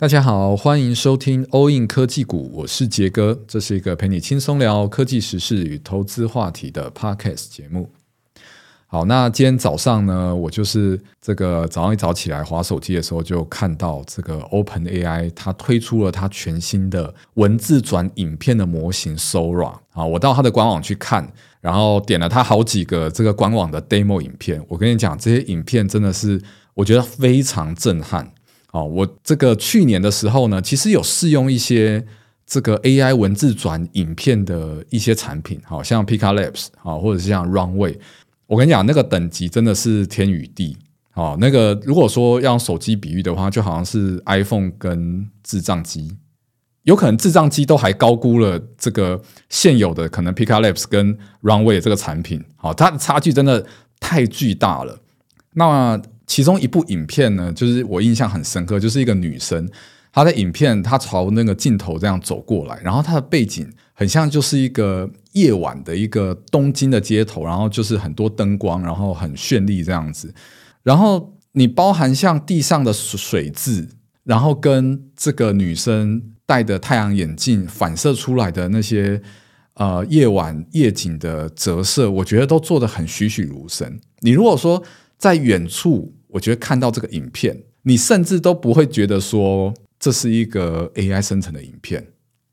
大家好，歡迎收聽歐印科技股，我是傑哥。這是一個陪你輕鬆聊科技時事與投資話題的 podcast 節目。好，那今天早上呢，我就是這個早上一早起來滑手機的時候，就看到這個 OpenAI 它推出了它全新的文字轉影片的模型 Sora。啊，我到它的官網去看，然後點了它好幾個這個官網的 demo 影片。我跟你講，這些影片真的是我覺得非常震撼。哦，我這個去年的時候呢，其實有試用一些這個 AI 文字轉影片的一些產品，好、哦、像 Pika Labs 啊、哦，或者是像 Runway，我跟你講，那個等級真的是天與地。哦，那個如果說要用手機比喻的話，就好像是 iPhone 跟智障機，有可能智障機都還高估了這個現有的可能 Pika Labs 跟 Runway 這個產品。哦，它的差距真的太巨大了。那。其中一部影片呢，就是我印象很深刻，就是一個女生，她的影片，她朝那個鏡頭這樣走過來，然後她的背景很像就是一個夜晚的一個東京的街頭，然後就是很多燈光，然後很絢麗這樣子。然後你包含像地上的水漬，然後跟這個女生戴的太陽眼鏡反射出來的那些呃夜晚夜景的折射，我覺得都做得很栩栩如生。你如果說在遠處。我覺得看到這個影片，你甚至都不會覺得說，這是一個 AI 生成的影片。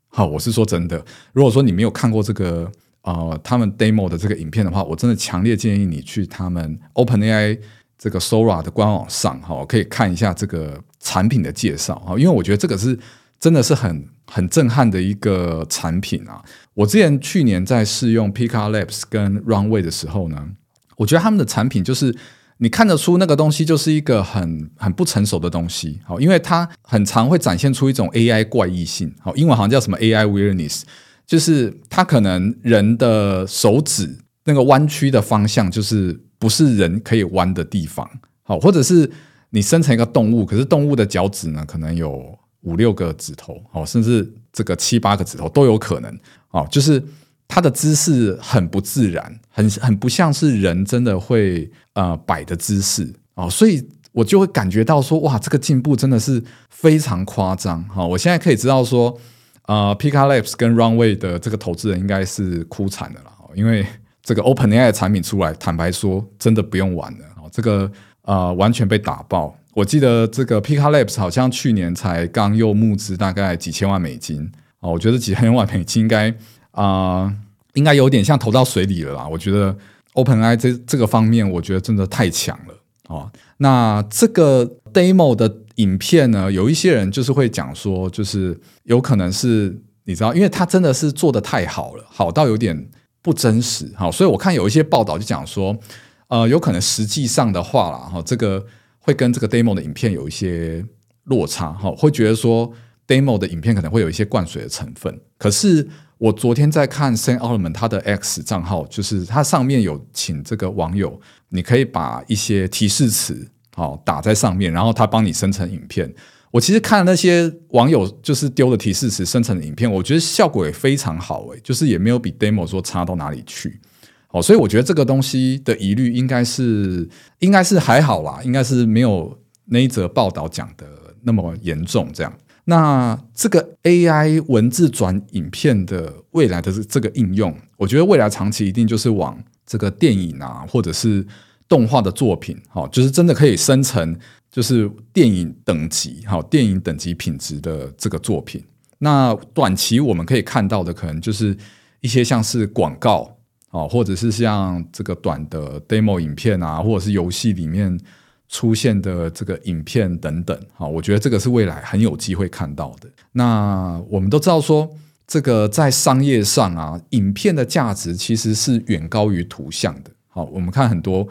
好，我是說真的。如果說你沒有看過這個呃他們 demo 的這個影片的話，我真的強烈建議你去他們 OpenAI 這個 Sora 的官網上哈，可以看一下這個產品的介紹哈，因為我覺得這個是真的是很很震撼的一個產品啊。我之前去年在試用 Pika Labs 跟 Runway 的時候呢，我覺得他們的產品就是。你看得出那個東西就是一個很很不成熟的東西，好，因為它很常會展現出一種 AI 怪異性，好，英文好像叫什麼 AI weirdness，就是它可能人的手指那個彎曲的方向就是不是人可以彎的地方，好，或者是你生成一個動物，可是動物的腳趾呢，可能有五六個指頭，好，甚至這個七八個指頭都有可能，哦，就是。它的姿勢很不自然，很很不像是人真的會呃擺的姿勢哦，所以我就會感覺到說，哇，這個進步真的是非常誇張哈，哦，我現在可以知道說，呃，Pika Labs 跟 Runway 的這個投資人應該是哭慘的啦，因為這個 OpenAI 的產品出來，坦白說真的不用玩了哦，這個呃完全被打爆。我記得這個 Pika Labs 好像去年才剛又募資大概幾千萬美金哦，我覺得幾千萬美金應該。啊、呃，應該有點像投到水裡了啦。我覺得 OpenAI 這這個方面，我覺得真的太強了，哦，那這個 demo 的影片呢，有一些人就是會講說，就是有可能是你知道，因為它真的是做得太好了，好到有點不真實哈，哦。所以我看有一些報道就講說，呃，有可能實際上的話啦，哈，哦，這個會跟這個 demo 的影片有一些落差哈，哦，會覺得說 demo 的影片可能會有一些灌水的成分，可是。我昨天在看 Sam Altman 他的 X 賬號，就是它上面有請這個網友，你可以把一些提示詞，好打在上面，然後他幫你生成影片。我其實看了那些網友就是丟的提示詞生成的影片，我覺得效果也非常好、欸，誒，就是也沒有比 Demo 說差到哪裡去。哦。所以我覺得這個東西的疑慮應該是，應該是還好啦，應該是沒有那一則報道講的那麼嚴重，這樣。那這個 A I 文字轉影片的未來的這個應用，我覺得未來長期一定就是往這個電影啊，或者是動畫的作品，好，就是真的可以生成就是電影等級，好，電影等級品質的這個作品。那短期我們可以看到的，可能就是一些像是廣告啊，或者是像這個短的 demo 影片啊，或者是遊戲裡面。出現的這個影片等等，哈，我覺得這個是未來很有機會看到的。那我們都知道說，這個在商業上啊，影片的價值其實是遠高於圖像的。好，我們看很多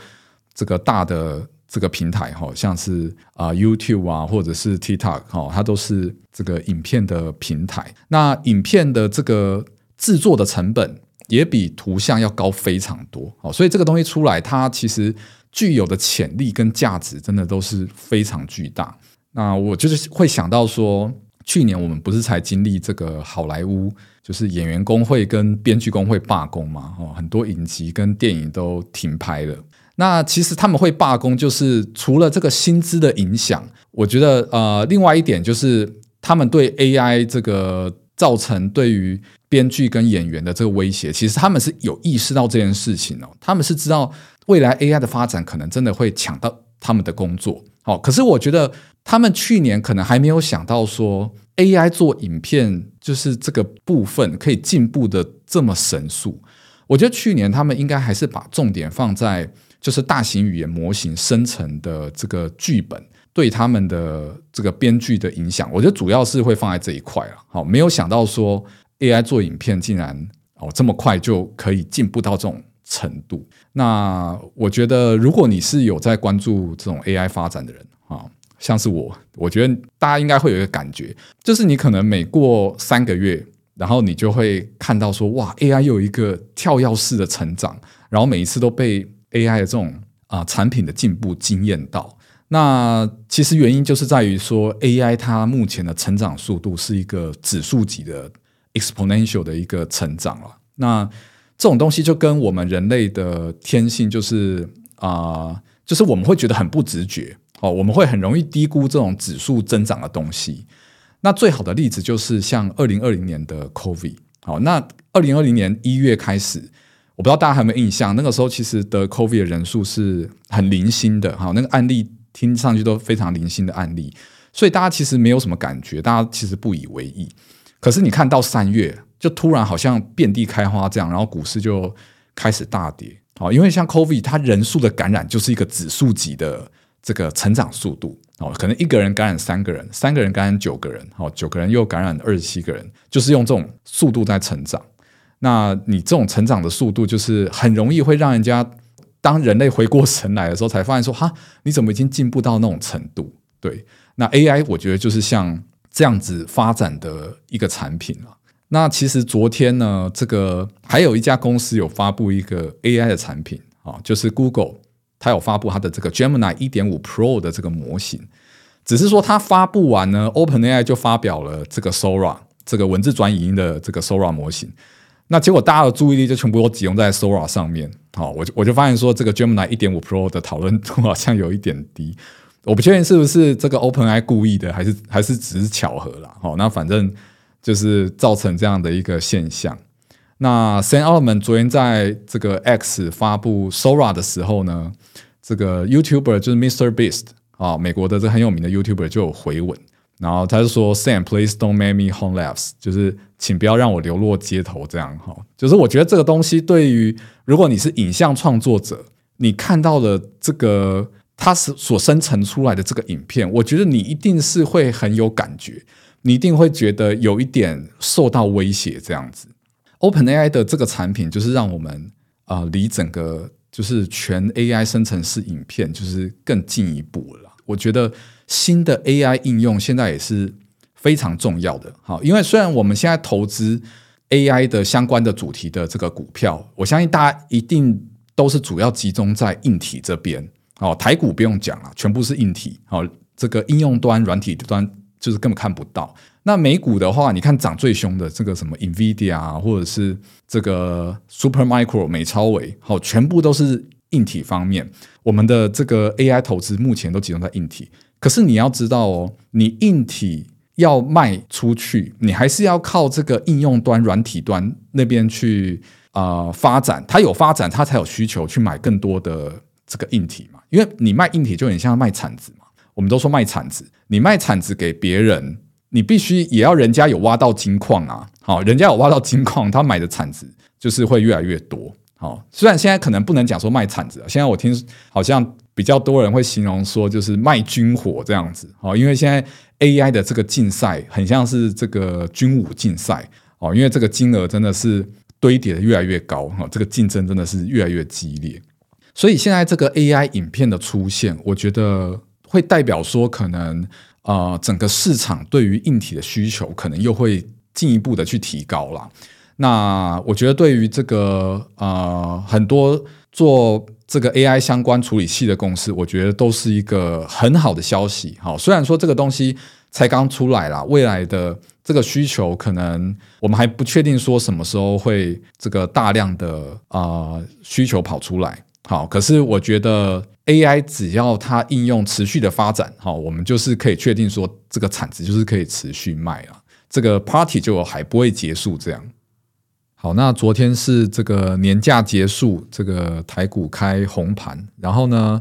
這個大的這個平台，哈，像是啊 YouTube 啊，或者是 TikTok，哈，它都是這個影片的平台。那影片的這個製作的成本，也比圖像要高非常多，哦，所以這個東西出來，它其實具有的潛力跟價值，真的都是非常巨大。那我就是會想到說，去年我們不是才經歷這個好萊塢，就是演員工會跟編劇工會罷工嘛，哦，很多影集跟電影都停拍了。那其實他們會罷工，就是除了這個薪資的影響，我覺得呃，另外一點就是他們對 AI 這個。造成對於編劇跟演員的這個威脅，其實他們是有意識到這件事情哦，他們是知道未來 AI 的發展可能真的會搶到他們的工作。好，可是我覺得他們去年可能還沒有想到說 AI 做影片，就是這個部分可以進步的這麼神速。我覺得去年他們應該還是把重點放在就是大型語言模型生成的這個劇本，對他們的這個編劇的影響，我覺得主要是會放在這一塊了。好，沒有想到說 AI 做影片竟然哦這麼快就可以進步到這種程度。那我覺得，如果你是有在關注這種 AI 發展的人啊，像是我，我覺得大家應該會有一個感覺，就是你可能每過三個月，然後你就會看到說哇，AI 又有一個跳躍式的成長，然後每一次都被 AI 的這種啊產品的進步驚豔到。那其實原因就是在於說，AI 它目前的成長速度是一個指數級的 exponential 的一個成長了。那這種東西就跟我們人類的天性就是啊、呃，就是我們會覺得很不直覺哦，我們會很容易低估這種指數增長的東西。那最好的例子就是像二零二零年的 COVID，好，那二零二零年一月開始，我不知道大家還有沒有印象，那個時候其實得 COVID 的人數是很零星的哈，那個案例。聽上去都非常零星的案例，所以大家其實沒有什麼感覺，大家其實不以為意。可是你看到三月，就突然好像遍地開花這樣，然後股市就開始大跌。因為像 COVID，它人數的感染就是一個指數級的這個成長速度。哦，可能一個人感染三個人，三個人感染九個人，九個人又感染二十七個人，就是用這種速度在成長。那你這種成長的速度，就是很容易會讓人家。當人類回過神來的時候，才發現說哈，你怎麼已經進步到那種程度？對，那 AI 我覺得就是像這樣子發展的一個產品了。那其實昨天呢，這個還有一家公司有發布一個 AI 的產品啊，就是 Google，它有發布它的這個 Gemini 一點五 Pro 的這個模型。只是說它發布完呢，OpenAI 就發表了這個 Sora 這個文字轉影音的這個 Sora 模型。那結果大家的注意力就全部都集中在 Sora 上面，好，我就我就發現說這個 Gemini 一點五 Pro 的討論度好像有一點低，我不確定是不是這個 OpenAI 故意的，還是還是只是巧合啦，好，那反正就是造成這樣的一個現象那。那 Sam Altman 昨天在這個 X 發布 Sora 的時候呢，這個 YouTuber 就是 Mr Beast 啊、哦，美國的這很有名的 YouTuber 就有回文，然後他就說 Sam，please don't make me homeless 就是，請不要讓我流落街頭，這樣哈，就是我覺得這個東西對於如果你是影像創作者，你看到了這個它是所生成出來的這個影片，我覺得你一定是會很有感覺，你一定會覺得有一點受到威脅。這樣子，OpenAI 的這個產品就是讓我們啊、呃、離整個就是全 AI 生成式影片就是更進一步了。我覺得新的 AI 應用現在也是。非常重要的，哈，因為雖然我們現在投資 AI 的相關的主題的這個股票，我相信大家一定都是主要集中在硬體這邊，哦，台股不用講了，全部是硬體，哦，這個應用端、軟體端就是根本看不到。那美股的話，你看漲最凶的這個什麼 NVIDIA 或者是這個 Supermicro 美超微，好，全部都是硬體方面。我們的這個 AI 投資目前都集中在硬體，可是你要知道哦，你硬體。要賣出去，你還是要靠這個應用端、軟體端那邊去啊、呃、發展。它有發展，它才有需求去買更多的這個硬體嘛。因為你賣硬體就很像賣鏟子嘛。我們都說賣鏟子，你賣鏟子給別人，你必須也要人家有挖到金礦啊。好，人家有挖到金礦，他買的鏟子就是會越來越多。好，雖然現在可能不能講說賣鏟子，現在我聽好像。比較多人會形容說，就是賣軍火這樣子哦，因為現在 A I 的這個競賽很像是這個軍武競賽哦，因為這個金額真的是堆疊的越來越高哈、哦，這個競爭真的是越來越激烈。所以現在這個 A I 影片的出現，我覺得會代表說，可能、呃、整個市場對於硬體的需求可能又會進一步的去提高了。那我覺得對於這個呃，很多做這個 AI 相關處理器的公司，我覺得都是一個很好的消息。好，雖然說這個東西才剛出來啦，未來的這個需求可能我們還不確定，說什麼時候會這個大量的啊、呃、需求跑出來。好，可是我覺得 AI 只要它應用持續的發展，好，我們就是可以確定說這個產值就是可以持續賣啊。這個 party 就還不會結束這樣。好，那昨天是這個年假結束，這個台股開紅盤，然後呢，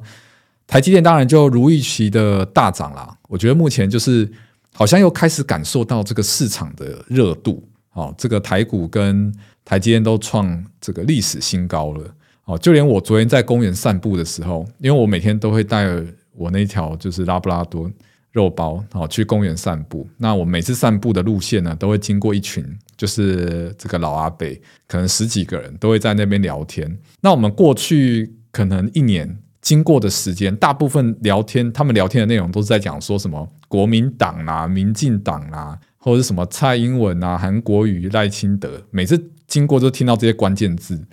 台積電當然就如預期的大漲啦。我覺得目前就是好像又開始感受到這個市場的熱度，哦，這個台股跟台積電都創這個歷史新高了。哦，就連我昨天在公園散步的時候，因為我每天都會帶我那條就是拉布拉多肉包，哦，去公園散步。那我每次散步的路線呢，都會經過一群，就是這個老阿伯，可能十幾個人都會在那邊聊天。那我們過去可能一年經過的時間，大部分聊天，他們聊天的內容都是在講說什麼國民黨啊、民進黨啊，或者是什麼蔡英文啊、韓國瑜、賴清德。每次經過就聽到這些關鍵字。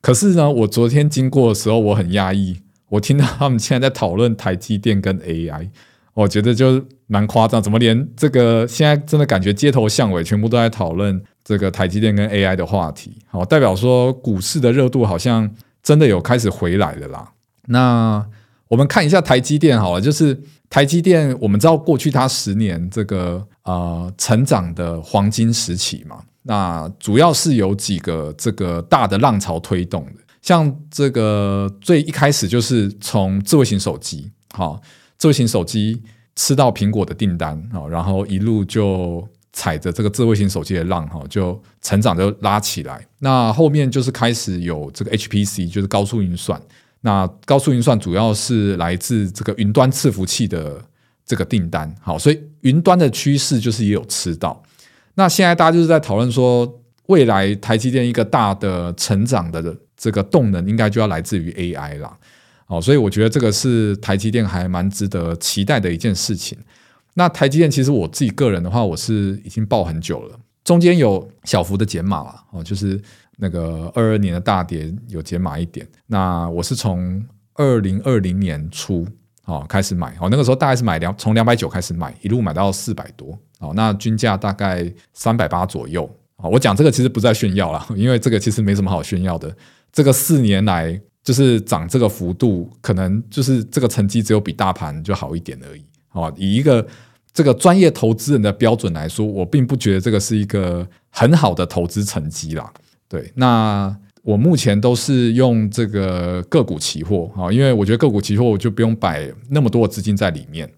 可是呢，我昨天經過的時候，我很壓抑，我聽到他們現在在討論台積電跟 AI。我覺得就蠻誇張，怎麼連這個現在真的感覺街頭巷尾全部都在討論這個台積電跟 AI 的話題？好，代表說股市的熱度好像真的有開始回來了啦。那我們看一下台積電好了，就是台積電，我們知道過去它十年這個啊、呃，成長的黃金時期嘛，那主要是由幾個這個大的浪潮推動的，像這個最一開始就是從智慧型手機好。智慧型手機吃到蘋果的訂單啊，然後一路就踩着這個智慧型手機的浪哈，就成長就拉起來。那後面就是開始有這個 HPC，就是高速運算。那高速運算主要是來自這個雲端伺服器的這個訂單，好，所以雲端的趨勢就是也有吃到。那現在大家就是在討論說，未來台積電一個大的成長的這個動能，應該就要來自於 AI 啦。哦，所以我覺得這個是台積電還蠻值得期待的一件事情。那台積電其實我自己個人的話，我是已經抱很久了，中間有小幅的減碼了哦，就是那個二二年的大跌有減碼一點。那我是從二零二零年初哦開始買哦，那個時候大概是買兩從兩百九開始買，一路買到四百多哦，那均價大概三百八左右啊。我講這個其實不在炫耀了，因為這個其實沒什麼好炫耀的，這個四年來。就是漲這個幅度，可能就是這個成績只有比大盤就好一點而已。哦，以一個這個專業投資人的標準來說，我並不覺得這個是一個很好的投資成績啦。對，那我目前都是用這個個股期貨啊，因為我覺得個股期貨我就不用擺那麼多的資金在裡面，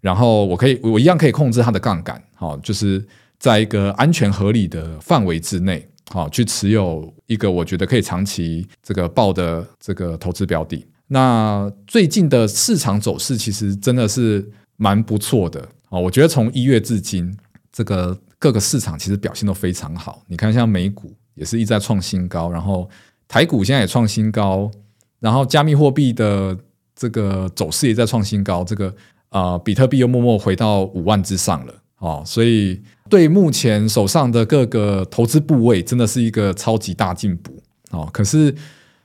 然後我可以，我一樣可以控制它的槓桿，哦，就是在一個安全合理的範圍之內。好，去持有一個我覺得可以長期這個抱的這個投資標的。那最近的市場走勢其實真的是蠻不錯的啊。我覺得從一月至今，這個各個市場其實表現都非常好。你看，像美股也是一再創新高，然後台股現在也創新高，然後加密貨幣的這個走勢也在創新高。這個啊、呃，比特幣又默默回到五萬之上了。哦，所以對目前手上的各個投資部位真的是一個超級大進步哦。可是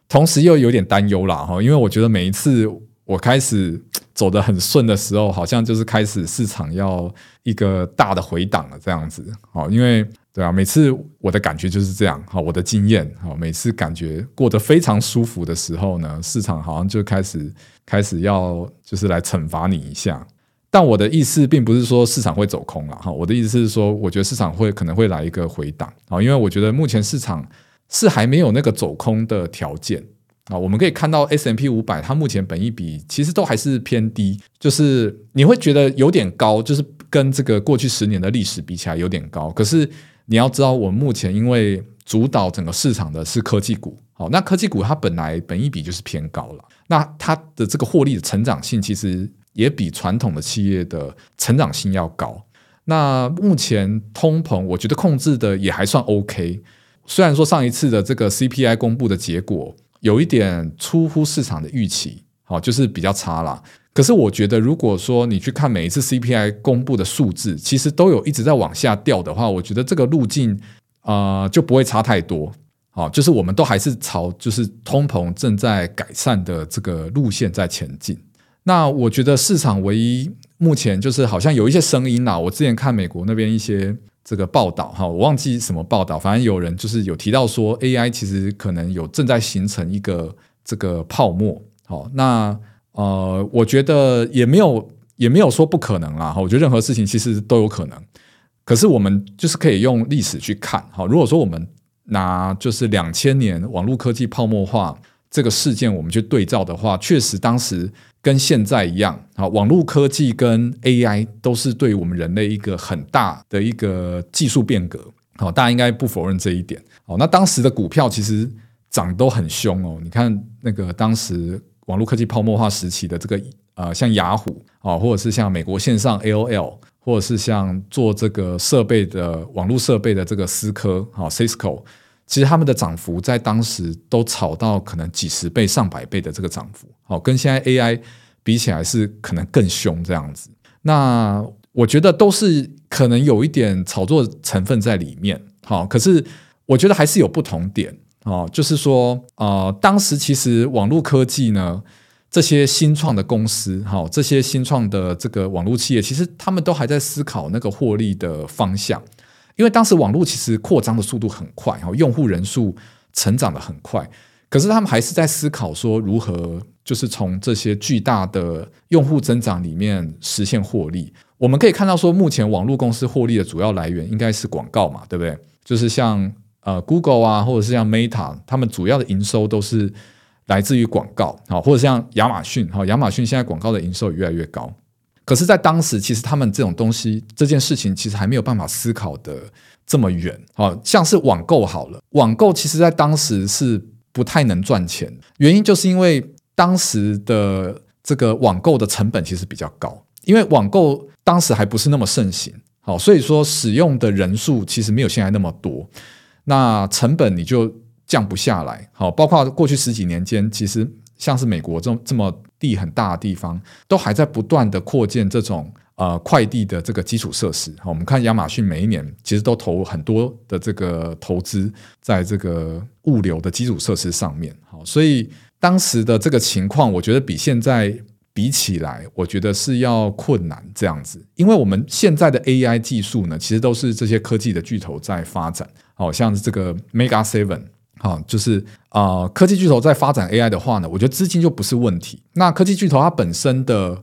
同時又有點擔憂啦哈，因為我覺得每一次我開始走得很順的時候，好像就是開始市場要一個大的回檔了這樣子。哦。因為對啊，每次我的感覺就是這樣。好，我的經驗，好，每次感覺過得非常舒服的時候呢，市場好像就開始開始要就是來懲罰你一下。但我的意思並不是說市場會走空了哈，我的意思是說，我覺得市場會可能會來一個回檔啊，因為我覺得目前市場是還沒有那個走空的條件啊。我們可以看到 S&P 500，它目前本益比其實都還是偏低，就是你會覺得有點高，就是跟這個過去十年的歷史比起來有點高。可是你要知道，我們目前因為主導整個市場的是科技股，哦，那科技股它本來本益比就是偏高了，那它的這個獲利的成長性其實。也比傳統的企業的成長性要高。那目前通膨，我覺得控制的也還算 OK。雖然說上一次的這個 CPI 公布的結果有一點出乎市場的預期，好，就是比較差啦。可是我覺得，如果說你去看每一次 CPI 公布的數字，其實都有一直在往下掉的話，我覺得這個路徑啊，呃，就不會差太多。好，就是我們都還是朝就是通膨正在改善的這個路線在前進。那我覺得市場唯一目前就是好像有一些聲音啊，我之前看美國那邊一些這個報道哈，我忘記什麼報道，反正有人就是有提到說 AI 其實可能有正在形成一個這個泡沫。好，那呃，我覺得也沒有也沒有說不可能啦哈，我覺得任何事情其實都有可能，可是我們就是可以用歷史去看哈。如果說我們拿就是兩千年網絡科技泡沫化。這個事件我們去對照的話，確實當時跟現在一樣啊，網絡科技跟 AI 都是對我們人類一個很大的一個技術變革。好，大家應該不否認這一點。好，那當時的股票其實漲都很兇哦。你看那個當時網絡科技泡沫化時期的這個呃，像雅虎啊，或者是像美國線上 AOL，或者是像做這個設備的網絡設備的這個思科啊，Cisco。其實他們的漲幅在當時都炒到可能幾十倍，上百倍的這個漲幅，哦，好，跟現在 AI 比起來是可能更凶這樣子。那我覺得都是可能有一點炒作成分在裡面，好，哦，可是我覺得還是有不同點哦，就是說呃，當時其實網絡科技呢，這些新創的公司，好，哦，這些新創的這個網絡企業，其實他們都還在思考那個獲利的方向。因為當時網絡其實擴張的速度很快，用戶人數成長得很快，可是他們還是在思考說如何就是從這些巨大的用戶增長裡面實現獲利。我們可以看到說，目前網絡公司獲利的主要來源應該是廣告嘛，對不對？就是像呃 Google 啊，或者是像 Meta，他們主要的營收都是來自於廣告，好，或者像亞馬遜，好，亞馬遜現在廣告的營收也越來越高。可是，在當時，其實他們這種東西、這件事情，其實還沒有辦法思考的這麼遠。好，像是網購好了，網購其實在當時是不太能賺錢，原因就是因為當時的這個網購的成本其實比較高，因為網購當時還不是那麼盛行，好，所以說使用的人數其實沒有現在那麼多，那成本你就降不下來。好，包括過去十幾年間，其實像是美國這種這麼。地很大的地方，都還在不斷的擴建這種呃、快遞的這個基礎設施。好，我們看亞馬遜每一年其實都投很多的這個投資在這個物流的基礎設施上面。好，所以當時的這個情況，我覺得比現在比起來，我覺得是要困難這樣子，因為我們現在的 AI 技術呢，其實都是這些科技的巨頭在發展。好，像是這個 Mega7。好，就是啊、呃，科技巨頭在發展 AI 的話呢，我覺得資金就不是問題。那科技巨頭它本身的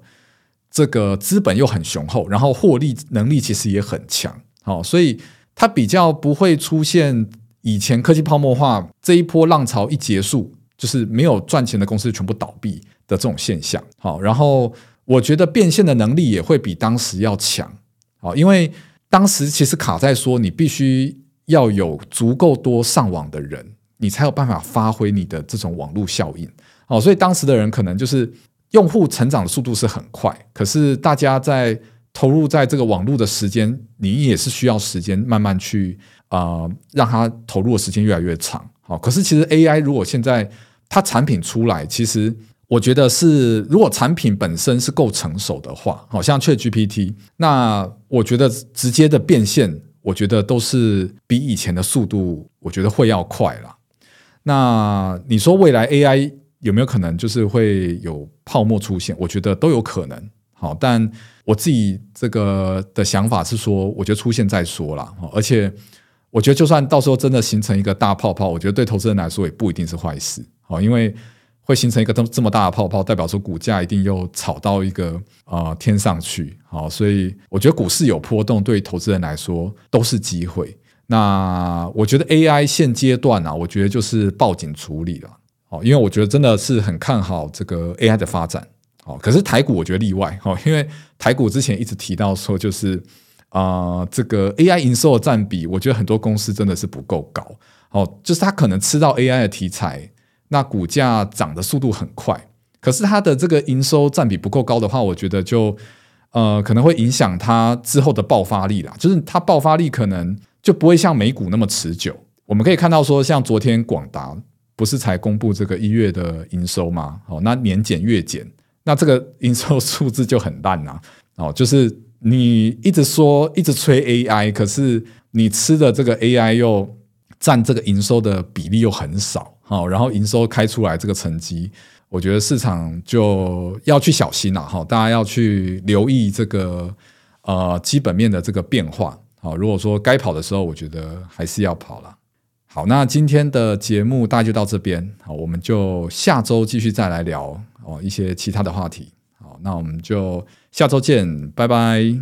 這個資本又很雄厚，然後獲利能力其實也很強，好，所以它比較不會出現以前科技泡沫化這一波浪潮一結束，就是沒有賺錢的公司全部倒閉的這種現象。好，然後我覺得變現的能力也會比當時要強。好，因為當時其實卡在說你必須要有足夠多上網的人。你才有辦法發揮你的這種網絡效應哦，所以當時的人可能就是用戶成長的速度是很快，可是大家在投入在這個網絡的時間，你也是需要時間慢慢去啊、呃，讓它投入的時間越來越長。好，可是其實 AI 如果現在它產品出來，其實我覺得是如果產品本身是夠成熟的話，哦，好像 ChatGPT，那我覺得直接的變現，我覺得都是比以前的速度，我覺得會要快了。那你說未來 AI 有沒有可能就是會有泡沫出現？我覺得都有可能。好，但我自己這個的想法是說，我覺得出現再說啦。而且，我覺得就算到時候真的形成一個大泡泡，我覺得對投資人來說也不一定是壞事。好，因為會形成一個這麼這麼大的泡泡，代表說股價一定又炒到一個啊、呃、天上去。好，所以我覺得股市有波動，對投資人來說都是機會。那我覺得 A I 現階段啊，我覺得就是報警處理了，哦，因為我覺得真的是很看好這個 A I 的發展，哦，可是台股我覺得例外，哦，因為台股之前一直提到說就是啊、呃，這個 A I 營收的占比，我覺得很多公司真的是不夠高，哦，就是它可能吃到 A I 的題材，那股價漲的速度很快，可是它的這個營收占比不夠高的話，我覺得就呃，可能會影響它之後的爆發力啦。就是它爆發力可能。就不會像美股那麼持久。我們可以看到說，像昨天廣達不是才公布這個一月的營收嗎？那年減月減，那這個營收數字就很爛吶。哦，就是你一直說一直吹 AI，可是你吃的這個 AI 又占這個營收的比例又很少。然後營收開出來這個成績，我覺得市場就要去小心了，啊。大家要去留意這個呃基本面的這個變化。啊，如果說該跑的時候，我覺得還是要跑了。好，那今天的節目大概就到這邊，好，我們就下周繼續再來聊哦一些其他的話題。好，那我們就下周見，拜拜。